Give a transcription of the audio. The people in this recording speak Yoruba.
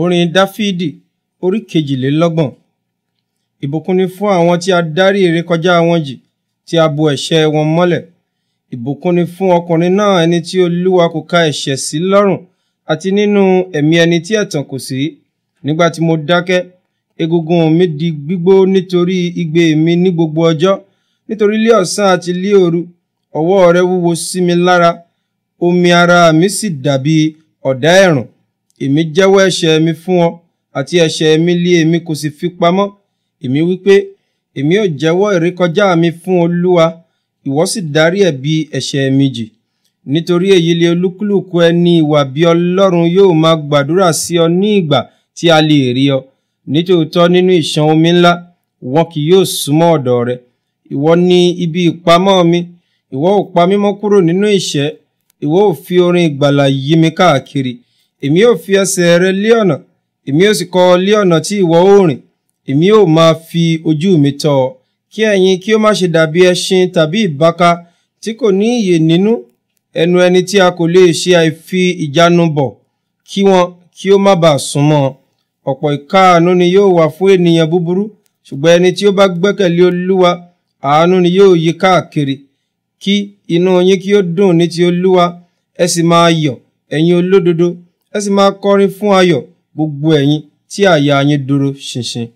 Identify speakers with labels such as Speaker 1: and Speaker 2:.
Speaker 1: orin dáfídì orí kejìlélọ́gbọ̀n ìbùkún ni fún àwọn tí a dárí ìrékọjá wọn jì tí a bo ẹ̀ṣẹ̀ wọn mọ́lẹ̀ ìbùkún ni fún ọkùnrin náà ẹni tí olúwa kò ka ẹ̀ṣẹ̀ sí lọ́rùn àti nínú ẹ̀mí ẹni tí ẹ̀tàn kò sí nígbà tí mo dákẹ́ egungun mi di gbígbó nítorí igbe mi ní gbogbo ọjọ́ nítorí lé ọ̀sán àti lé òru ọwọ́ rẹ wúwo sí mi lára omi ara mi sì dàbí ọ̀dá ẹ̀rùn èmi jẹ́wọ́ ẹ̀ṣẹ̀ mi fún ọ àti ẹ̀ṣẹ̀ mi lé èmi kò sì fi pamọ́ èmi wípé èmi ò jẹ́wọ́ ìrékọjá mi fún olúwa ìwọ sì dárí ẹ̀bi ẹ̀ṣẹ̀ mi jì nítorí èyí lé olúkúlùkù ẹni ìwà bí ọlọ́run yóò máa gbàdúrà sí ọ ní ìgbà tí a lè rí ọ nítòótọ́ nínú ìṣàn omi ńlá wọn kì yóò súnmọ́ ọ̀dọ̀ rẹ ìwọ ni ibi ìpamọ́ mi ìwọ ò pa mí mọ́ kúrò nínú ìṣẹ́ ìwọ ò fi orin ìgbàlà yí mi káàkiri èmi ó fi ẹsẹ̀ rẹ lé ọ̀nà èmi ó sì kọ́ ọ lé ọ̀nà tí ìwọ ó rìn èmi ó máa fi ojú mi tọ́ ọ kí ẹ̀yin kí ó má ṣe dàbí ẹṣin tàbí ìbáka tí kò ní ìyè nínú ẹnu ẹni tí a kò lè ṣe àìfi ìjánu bọ̀ kí wọn kí ó má bàa súnmọ́ ọ̀pọ̀ ìkáàánú ni yóò wà fún ènìyàn búburú ṣùgbọ́n ẹni tí ó bá gbẹ́kẹ̀lé olúwa àánú ni yóò yí káàkiri kí inú yín kí ó dùn ní ti olúwa ẹ sì máa yọ̀ ẹ̀yin olódodo ẹ sì máa kọrin fún ayọ̀ gbogbo ẹ̀yin tí àyà yín dúró ṣinṣin.